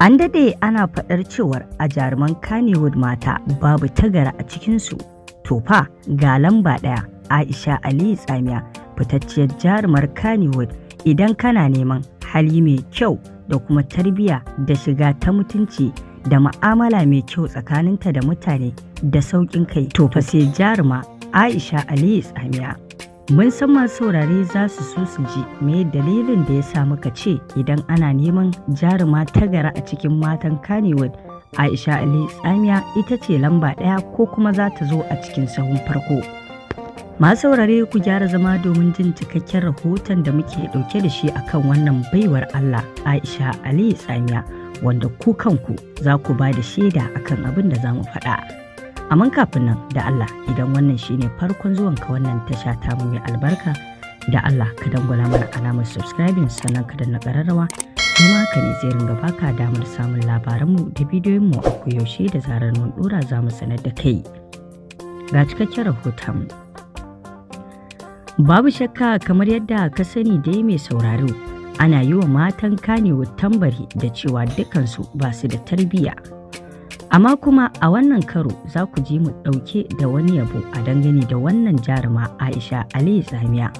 An dade ana faɗar cewar a jaruman Kannywood mata babu tagara a cikinsu. Tofa ga lamba ɗaya Aisha Aliyu Tsamiya fitacciyar jarumar Kannywood idan kana neman hali mai kyau da kuma tarbiyya da shiga ta mutunci da ma'amala mai kyau tsakaninta da mutane da sauƙin kai to sai jaruma Aisha Aliyu Tsamiya. Mun san masu saurare za su so su ji me dalilin da ya sa muka ce idan ana neman jaruma tagara a cikin matan Kannywood, Aisha Ali Tsamiya ita ce lamba ɗaya ko kuma za ta zo a cikin sahun farko. Masu saurare ku gyara zama domin jin cikakken rahoton da muke ɗauke da shi akan wannan baiwar Allah Aisha Ali Tsamiya wanda ku kanku za ku ba da shaida akan abin da za mu faɗa. Amma kafin nan da Allah idan wannan shine farkon zuwan ka wannan tasha ta mu mai albarka da Allah ka dangwala mana alamar subscribing sannan ka danna kararrawa kuma ka ne zai ringa baka damar samun labaranmu da mu a koyaushe da zarar mun dora za mu sanar da kai. Ga cikakken rahoton. Babu shakka kamar yadda ka sani dai mai sauraro ana yi wa matan kanewa tambari da cewa dukansu ba su da tarbiyya. Amma kuma a wannan karo za ku je mu ɗauke da wani yabo a dangane da wannan jaruma Aisha Ali Tsamiya.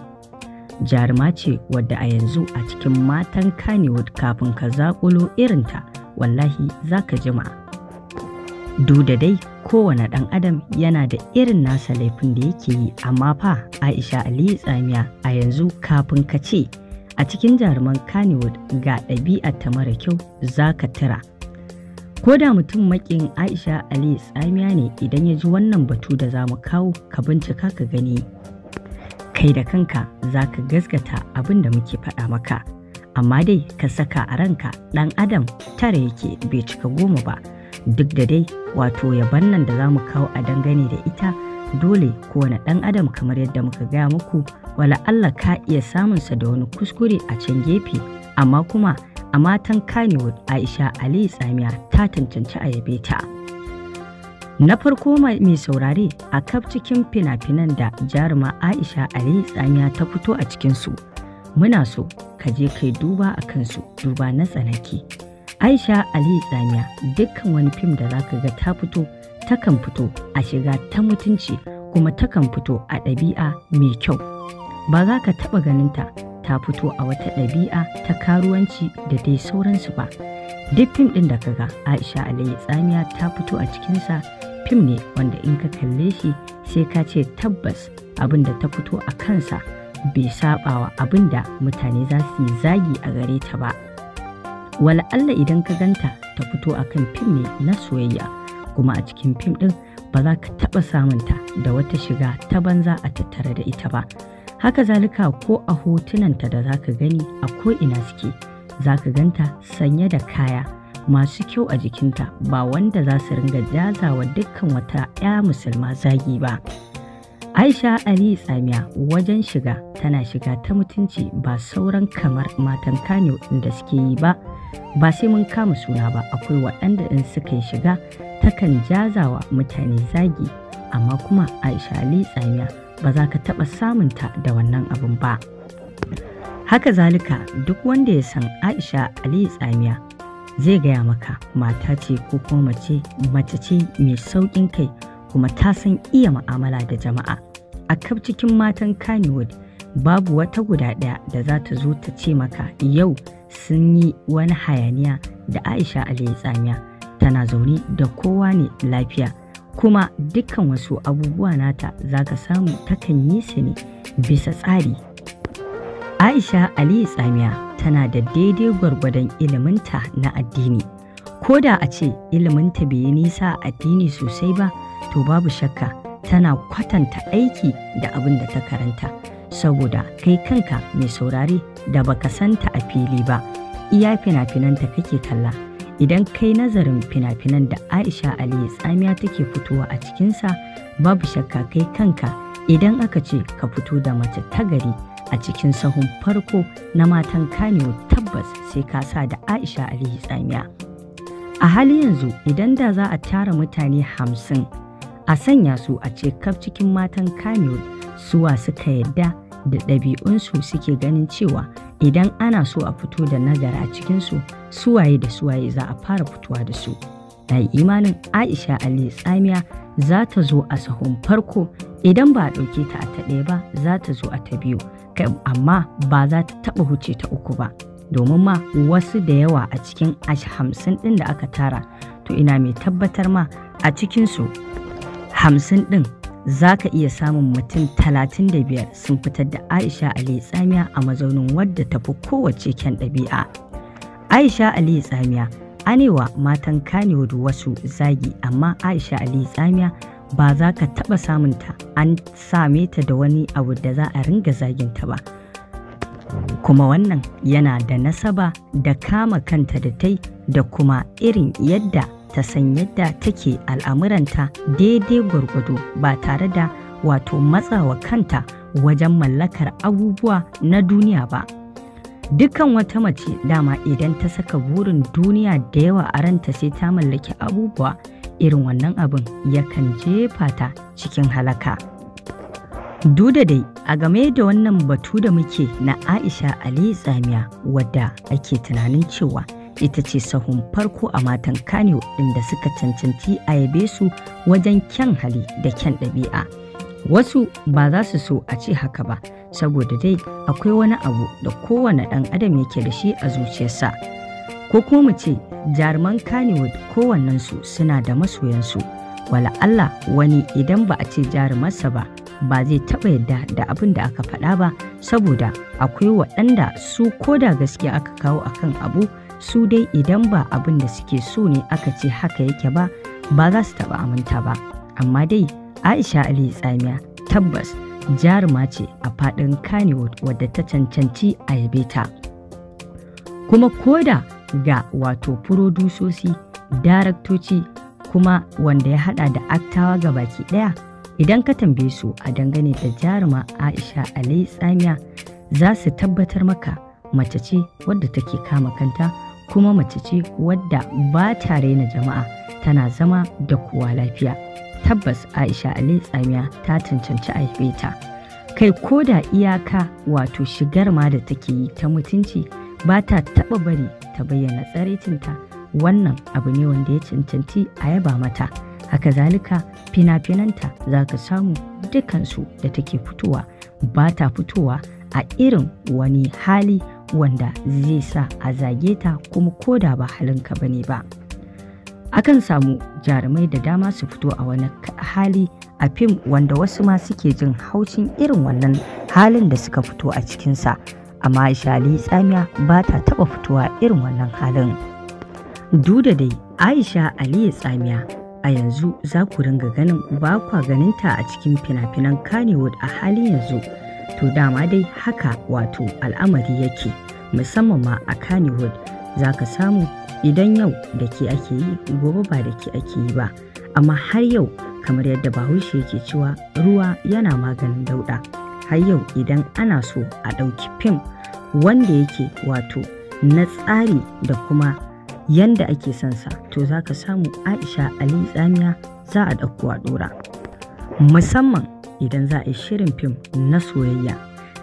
Jaruma ce wadda a yanzu a cikin matan Kannywood kafin ka zaƙulo irinta wallahi za ka jima. Du da dai kowane ɗan adam yana da irin nasa laifin da yake yi amma fa Aisha Ali Tsamiya a yanzu kafin ka ce a cikin jaruman Kannywood ga ɗabi'a ta mara kyau za ka tira. Ko da mutum makin Aisha Ali tsamiya ne idan ya ji wannan batu da za mu kawo ka bincika ka gani. Kai da kanka za ka gasgata abin da muke faɗa maka. Amma dai ka saka a ranka ɗan adam tara yake bai cika goma ba. Duk da dai wato yaban nan da za mu kawo a dangane da ita dole kowane ɗan adam kamar yadda muka gaya muku wala Allah ka iya samunsa da wani kuskure a can gefe amma kuma A matan Kannywood, Aisha Ali Tsamiya ta cancanci a yabe ta. Na farko mai saurare a kaf cikin fina-finan da jaruma Aisha Ali Tsamiya ta fito a cikinsu. Muna so ka je kai duba a kansu duba na tsanaki. Aisha Ali Tsamiya dukkan wani fim da zaka ga ta fito takan fito a shiga ta mutunci kuma takan fito a ɗabi'a mai kyau. Ba za ka taɓa ganinta ta fito a wata ɗabi'a ta karuwanci da dai sauransu ba. Duk fim ɗin da kaga Aisha Alayyi Tsamiya ta fito a cikinsa fim ne wanda in ka kalle shi sai ka ce tabbas abin da ta fito a kansa bai saɓawa abin da mutane za su yi zagi a gare ta ba. Wala Allah idan ka ganta ta fito a kan fim ne na soyayya kuma a cikin fim ɗin ba za ka taɓa samunta da wata shiga ta banza a tattare da ita ba. haka zalika ko a hotunanta da zaka gani a ko'ina suke zaka ganta sanye da kaya masu kyau a jikinta ba wanda za su ringa jazawa dukkan wata 'ya musulma zagi ba aisha ali tsamiya wajen shiga tana shiga ta mutunci ba sauran kamar matan kano da suke yi ba ba sai mun kama suna ba akwai waɗanda in suka shiga takan jazawa mutane zagi amma kuma aisha ali tsamiya ba za ka taɓa ta da wannan abin ba haka zalika duk wanda ya san aisha aliyu tsamiya zai gaya maka mata ce ko kuma mace mace ce mai sauƙin kai kuma ta san iya ma'amala da jama'a a kaf cikin matan kannywood babu wata guda ɗaya da za ta zo ta ce maka yau sun yi wani hayaniya da aisha aliyu tsamiya tana zaune da kowa ne lafiya kuma dukkan wasu abubuwa nata za ka samu takan yi su ne bisa tsari. Aisha Aliyu Tsamiya tana da daidai gwargwadon iliminta na addini. Ko da a ce iliminta bai yi nisa addini sosai ba, to babu shakka tana kwatanta aiki da abin da ta karanta. Saboda kai kanka mai saurare da baka santa a fili ba, iya fina-finanta kake kalla. Idan kai nazarin fina-finan da Aisha Aliyu tsamiya take fitowa a cikinsa, babu shakka kai kanka idan aka ce ka fito da mace ta gari a cikin sahun farko na matan Kanewo tabbas sai ka sa da Aisha Aliyu tsamiya. A hali yanzu idan da za a tara mutane hamsin a sanya su a ce kaf cikin matan Kanewo suwa suka yadda da ɗabi'unsu suke ganin cewa idan ana so a fito da nagari a cikinsu suwaye da suwaye za a fara fitowa da su na imanin aisha ali tsamiya za ta zo a sahun farko idan ba a ɗauke ta a ta ba za ta zo a ta biyu amma ba za ta taɓa huce ta uku ba domin ma wasu da yawa a cikin ash hamsin ɗin da aka tara to ina mai tabbatar ma a cikinsu hamsin ɗin za ka iya samun mutum 35 sun fitar da Aisha Ali Tsamiya a mazaunin wadda tafi kowace kyan ɗabi'a. Aisha Ali Tsamiya anewa matan wadu wasu zagi amma Aisha Ali Tsamiya ba za ka taɓa samunta an same ta da wani abu da za a ringa zagin ta ba. Kuma wannan yana da nasaba da kama kanta da tai da kuma irin yadda ta san yadda take al'amuranta daidai gwargwado ba tare da wato matsawa kanta wajen mallakar abubuwa na duniya ba. Dukan wata mace dama idan ta saka burin duniya da yawa a ranta sai ta mallaki abubuwa irin wannan abin yakan jefa ta cikin halaka. Duda dai a game da wannan batu da muke na Aisha Ali Tsamiya wadda ake tunanin cewa ita ce sahun farko a matan Kano inda suka cancanci a yabe su wajen kyan hali da kyan ɗabi'a. Wasu ba za su so a ce haka ba, saboda dai akwai wani abu da kowane ɗan adam yake da shi a zuciyarsa. Ko kuma mu ce jaruman Kannywood kowannensu suna da masoyansu. Wala Allah wani idan ba a ce jarumarsa ba, ba zai taɓa yadda da abin da aka faɗa ba saboda akwai waɗanda su koda gaskiya aka kawo akan abu su dai idan ba abin da suke so ne aka ce haka yake ba ba za su taɓa aminta ba amma dai aisha ali tsamiya tabbas jaruma ce a faɗin kanewood wadda ta cancanci a yabe ta kuma koda ga wato furodusosi daraktoci kuma wanda ya hada da aktawa ga baki daya idan ka tambaye su a dangane da jaruma aisha ali tsamiya za su tabbatar maka mace ce wadda take kama kanta kuma mace ce wadda ba ta raina jama'a tana zama da kowa lafiya tabbas aisha ali tsamiya ta cancanci a ta kai ko da iyaka wato shigar ma da take yi ta mutunci ba ta taɓa bari ta bayyana tsaraitinta wannan abu ne wanda ya cancanci a yaba mata haka zalika fina-finanta za ka samu dukansu da take fitowa ba ta fitowa a irin wani hali wanda zai sa a zage ta kuma koda ba halinka bane ba akan samu jarumai da dama su fito a wani hali a fim wanda wasu ma suke jin haucin irin wannan halin da suka fito a cikinsa amma shali tsamiya ba ta taɓa fitowa irin wannan halin duda dai aisha aliyu tsamiya a yanzu za ku ringa ganin ba kwa ganinta a cikin fina-finan kanewood a halin yanzu To dama dai haka wato al'amari yake musamman ma a Kannywood za ka samu idan yau da ke ake yi gobe ba da ke ake yi ba amma har yau kamar yadda bahaushe yake cewa ruwa yana maganin dauɗa har yau idan ana so a ɗauki fim wanda yake wato na tsari da kuma yanda ake son sa to za ka samu aisha ali tsamiya za a ɗauko a ɗora musamman idan za a yi shirin fim na soyayya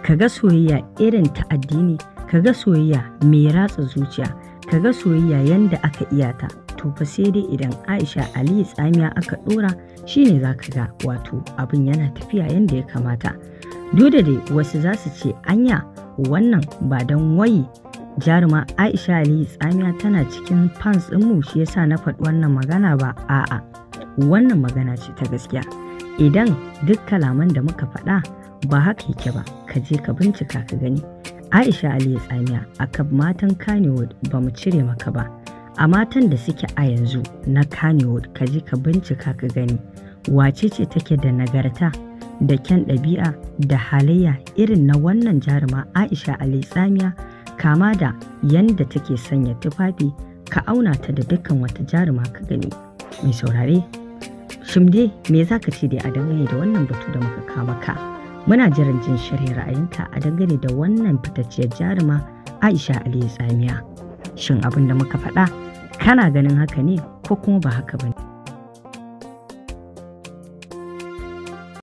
ka ga soyayya irin ta addini ka ga soyayya mai ratsa zuciya ka ga soyayya yanda aka iyata. to fa sai dai idan aisha aliyu tsamiya aka dora shine za ka ga wato abin yana tafiya yanda ya kamata duk da dai wasu za su ce anya wannan ba don wayi jaruma aisha aliyu tsamiya tana cikin fans ɗinmu shi yasa na faɗi wannan magana ba a'a wannan magana ce ta gaskiya idan duk kalaman da muka faɗa ba haka yake ba ka je ka bincika ka gani aisha aliyu tsamiya a kan matan kanewood ba mu cire maka ba a matan da suke a yanzu na kanewood ka je ka bincika ka gani wace ce take da nagarta da kyan ɗabi'a da halayya irin na wannan jaruma aisha aliyu tsamiya kama da yadda take sanya tufafi ka auna ta da dukkan wata jaruma ka gani mai saurare Shimde me za ka ce dai a dangane da wannan batu da muka kawo maka? Muna jiran jin shirya ra'ayinka a dangane da wannan fitacciyar jaruma Aisha Aliyu Tsamiya. Shin abin da muka faɗa kana ganin haka ne ko kuma ba haka ba ne?